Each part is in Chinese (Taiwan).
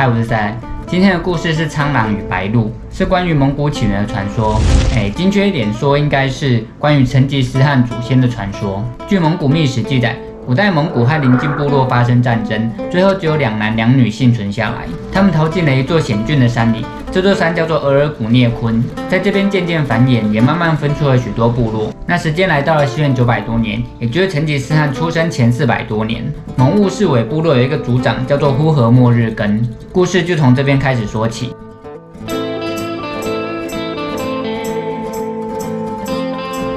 嗨，Hi, 我是三。今天的故事是《蒼狼與白鹿》，是關於蒙古起源的傳說。哎，精確一點說，應該是關於成吉思汗祖先的傳說。據《蒙古秘史》記載。古代蒙古和鄰近部落發生戰爭，最後只有兩男兩女幸存下來，他們逃進了一座險峻的山裡，這座山叫做額爾古涅昆，在這邊漸漸繁衍，也慢慢分出了許多部落。那時間來到了西元九百多年，也就是成吉思汗出生前四百多年，蒙兀室韋部落有一個族長叫做呼和莫日根，故事就從這邊開始說起。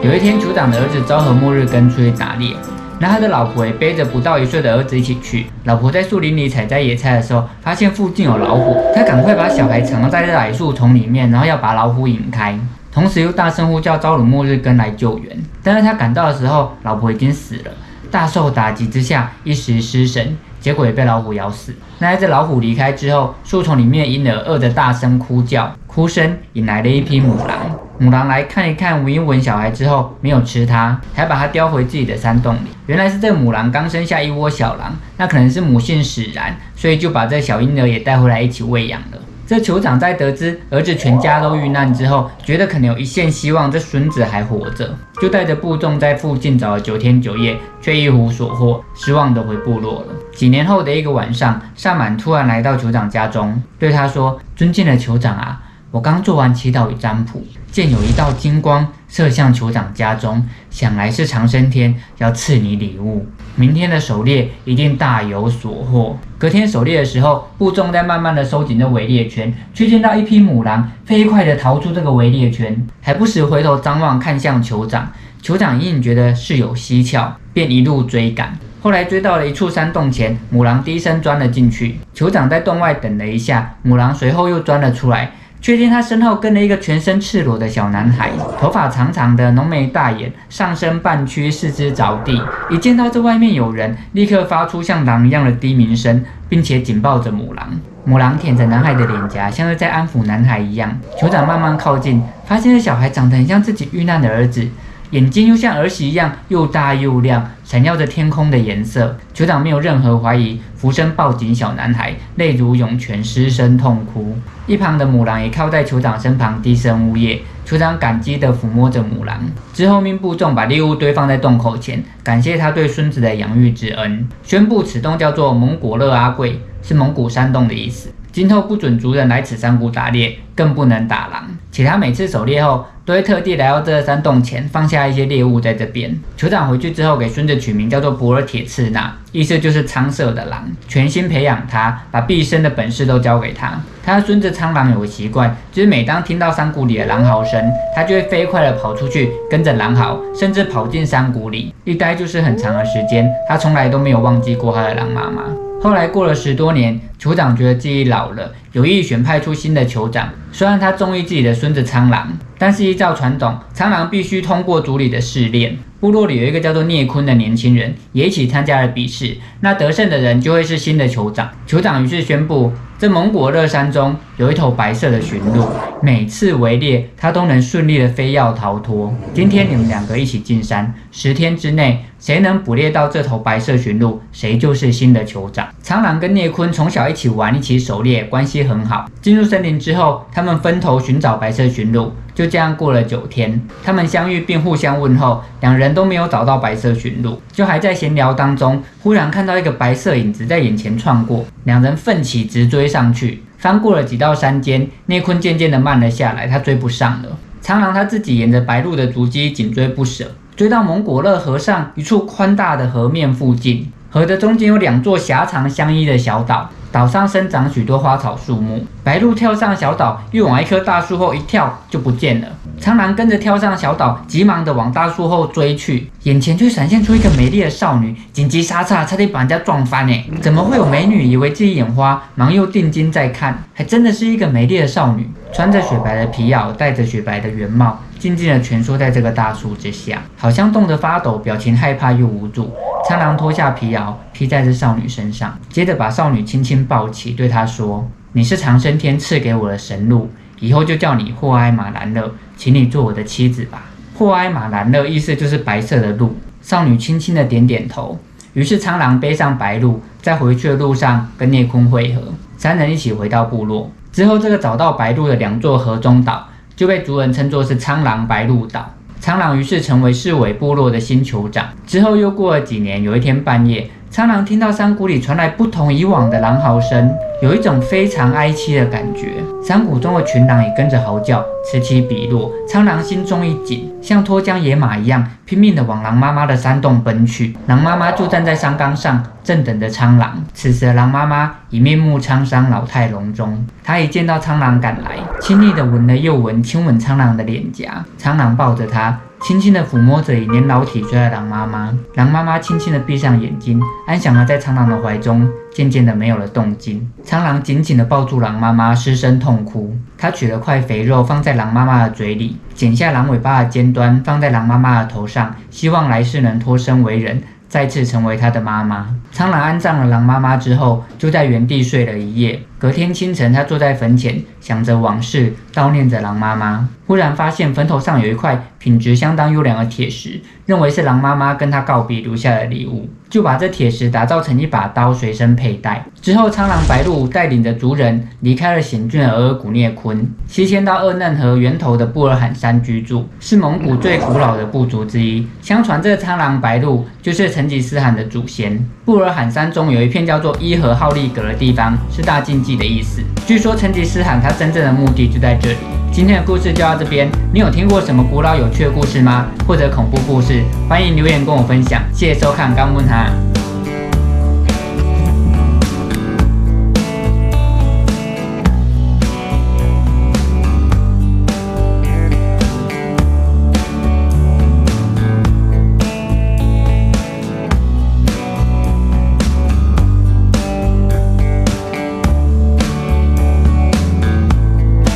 有一天，族長的兒子昭和莫日根出去打獵。男孩的老婆也背着不到一歲的兒子一起去。老婆在樹林裡採摘野菜的時候，發現附近有老虎，她趕快把小孩藏在這矮樹叢裡面，然後要把老虎引開，同時又大聲呼叫招惹末日跟來救援。但是他趕到的時候，老婆已經死了，大受打擊之下一時失神，結果也被老虎咬死。那在這老虎離開之後，樹叢裡面嬰兒餓得大聲哭叫，哭聲引來了一匹母狼。母狼來看一看，聞一聞小孩之後，沒有吃它，還把它叼回自己的山洞裡。原來是這母狼剛生下一窩小狼，那可能是母性使然，所以就把這小嬰兒也帶回來一起餵養了。這酋長在得知兒子全家都遇難之後，覺得可能有一線希望，這孫子還活着，就帶着部眾在附近找了九天九夜，卻一無所獲，失望的回部落了。幾年後的一個晚上，薩滿突然來到酋長家中，對他說：“尊敬的酋長啊。”我剛做完祈禱與占卜，見有一道金光射向酋長家中，想來是長生天要賜你禮物。明天的狩獵一定大有所獲。隔天狩獵的時候，部眾在慢慢的收緊這圍獵圈，卻見到一匹母狼飛快的逃出這個圍獵圈，還不時回頭張望，看向酋長。酋長隱隱覺得事有蹊蹺，便一路追趕。後來追到了一處山洞前，母狼低聲鑽了進去。酋長在洞外等了一下，母狼隨後又鑽了出來。卻見他身後跟了一個全身赤裸的小男孩，頭髮長長的，濃眉大眼，上身半屈，四肢着地。一見到這外面有人，立刻發出像狼一樣的低鳴聲，並且緊抱着母狼。母狼舔着男孩的臉頰，像是在安撫男孩一樣。酋長慢慢靠近，發現這小孩長得很像自己遇難的兒子。眼睛又像兒媳一樣又大又亮，閃耀着天空的顏色。酋長沒有任何懷疑，俯身抱緊小男孩，淚如湧泉，失聲痛哭。一旁的母狼也靠在酋長身旁，低聲嗚咽。酋長感激地撫摸着母狼，之後命部眾把獵物堆放在洞口前，感謝他對孫子的養育之恩，宣布此洞叫做“蒙古勒阿貴”，是蒙古山洞的意思。今後不准族人來此山谷打獵，更不能打狼。且他每次狩獵後，所以特地來到這個山洞前，放下一些獵物在這邊。酋長回去之後，給孫子取名叫做博爾鐵赤納，意思就是蒼色的狼。全心培養他，把畢生的本事都教給他。他孫子蒼狼有個習慣，就是每當聽到山谷裡的狼嚎聲，他就會飛快地跑出去，跟着狼嚎，甚至跑進山谷裡一待就是很長的時間。他從來都沒有忘記過他的狼媽媽。後來過了十多年，酋長覺得自己老了，有意選派出新的酋長。雖然他中意自己的孫子蒼狼，但是依照傳統，蒼狼必須通過族裡的試煉。部落裡有一個叫做聶坤的年輕人也一起參加了比試，那得勝的人就會是新的酋長。酋長於是宣布，在蒙古熱山中。有一頭白色的馴鹿，每次圍獵它都能順利的飛越逃脫。今天你們兩個一起進山，十天之內誰能捕獵到這頭白色馴鹿，誰就是新的酋長。蒼狼跟聶坤從小一起玩，一起狩獵，關係很好。進入森林之後，他們分頭尋找白色馴鹿。就這樣過了九天，他們相遇並互相問候，兩人都沒有找到白色馴鹿，就還在閒聊當中，忽然看到一個白色影子在眼前竄過，兩人奮起直追上去。翻過了幾道山間，內坤漸漸地慢了下來，他追不上了。蒼狼他自己沿着白鹿的足跡緊追不捨，追到蒙古勒河上一處寬大的河面附近。河的中間有兩座狹長相依的小島，島上生長許多花草樹木。白鹿跳上小島，又往一棵大樹後一跳，就不見了。蒼狼跟着跳上小島，急忙的往大樹後追去，眼前卻閃現出一個美麗的少女，緊急剎車差點把人家撞翻誒！怎麼會有美女？以為自己眼花，忙又定睛再看，還真的是一個美麗的少女，穿着雪白的皮襖，戴着雪白的圓帽。靜靜的蜷縮在這個大樹之下，好像凍得發抖，表情害怕又無助。蒼狼脫下皮襖披在這少女身上，接着把少女輕輕抱起，對她說：“你是長生天賜給我的神鹿，以後就叫你霍埃馬蘭勒，請你做我的妻子吧。”霍埃馬蘭勒意思就是白色的鹿。少女輕輕的點點頭。於是蒼狼背上白鹿，在回去的路上跟聶空會合，三人一起回到部落。之後，這個找到白鹿的兩座河中島。就被族人稱作是蒼狼白鹿島，蒼狼於是成為市尾部落的新酋長。之後又過了幾年，有一天半夜，蒼狼聽到山谷裡傳來不同以往的狼嚎聲。有一種非常哀淒的感覺，山谷中的群狼也跟着嚎叫，此起彼落。蒼狼心中一緊，像脫韁野馬一樣拼命的往狼媽媽的山洞奔去。狼媽媽就站在山崗上，正等着蒼狼。此時，狼媽媽已面目滄桑，老態龍鍾。她一見到蒼狼趕來，親昵的聞了又聞，親吻蒼狼的臉頰。蒼狼抱着她，輕輕的撫摸着已年老體衰的狼媽媽。狼媽媽輕輕的閉上眼睛，安詳地在蒼狼的懷中。漸漸的，沒有了動靜，蒼狼緊緊地抱住狼媽媽，失聲痛哭。他取了塊肥肉放在狼媽媽的嘴裡，剪下狼尾巴的尖端放在狼媽媽的頭上，希望來世能脫生為人，再次成為他的媽媽。蒼狼安葬了狼媽媽之後，就在原地睡了一夜。隔天清晨，他坐在墳前，想着往事，悼念着狼媽媽。突然發現墳頭上有一塊品質相當優良的鐵石，認為是狼媽媽跟他告別留下的禮物，就把這鐵石打造成一把刀隨身佩戴。之後，蒼狼白鹿帶領着族人離開了險峻的額爾古涅昆，西遷到鄂嫩河源頭的布爾罕山居住，是蒙古最古老的部族之一。相傳，這個蒼狼白鹿就是成吉思汗的祖先。布爾罕山中有一片叫做伊和浩力格的地方，是大禁忌的意思。據說，成吉思汗他真正的目的就在這裡。今天的故事就到這邊，你有聽過什麼古老有趣的故事嗎？或者恐怖故事？歡迎留言跟我分享。謝謝收看《干木談》。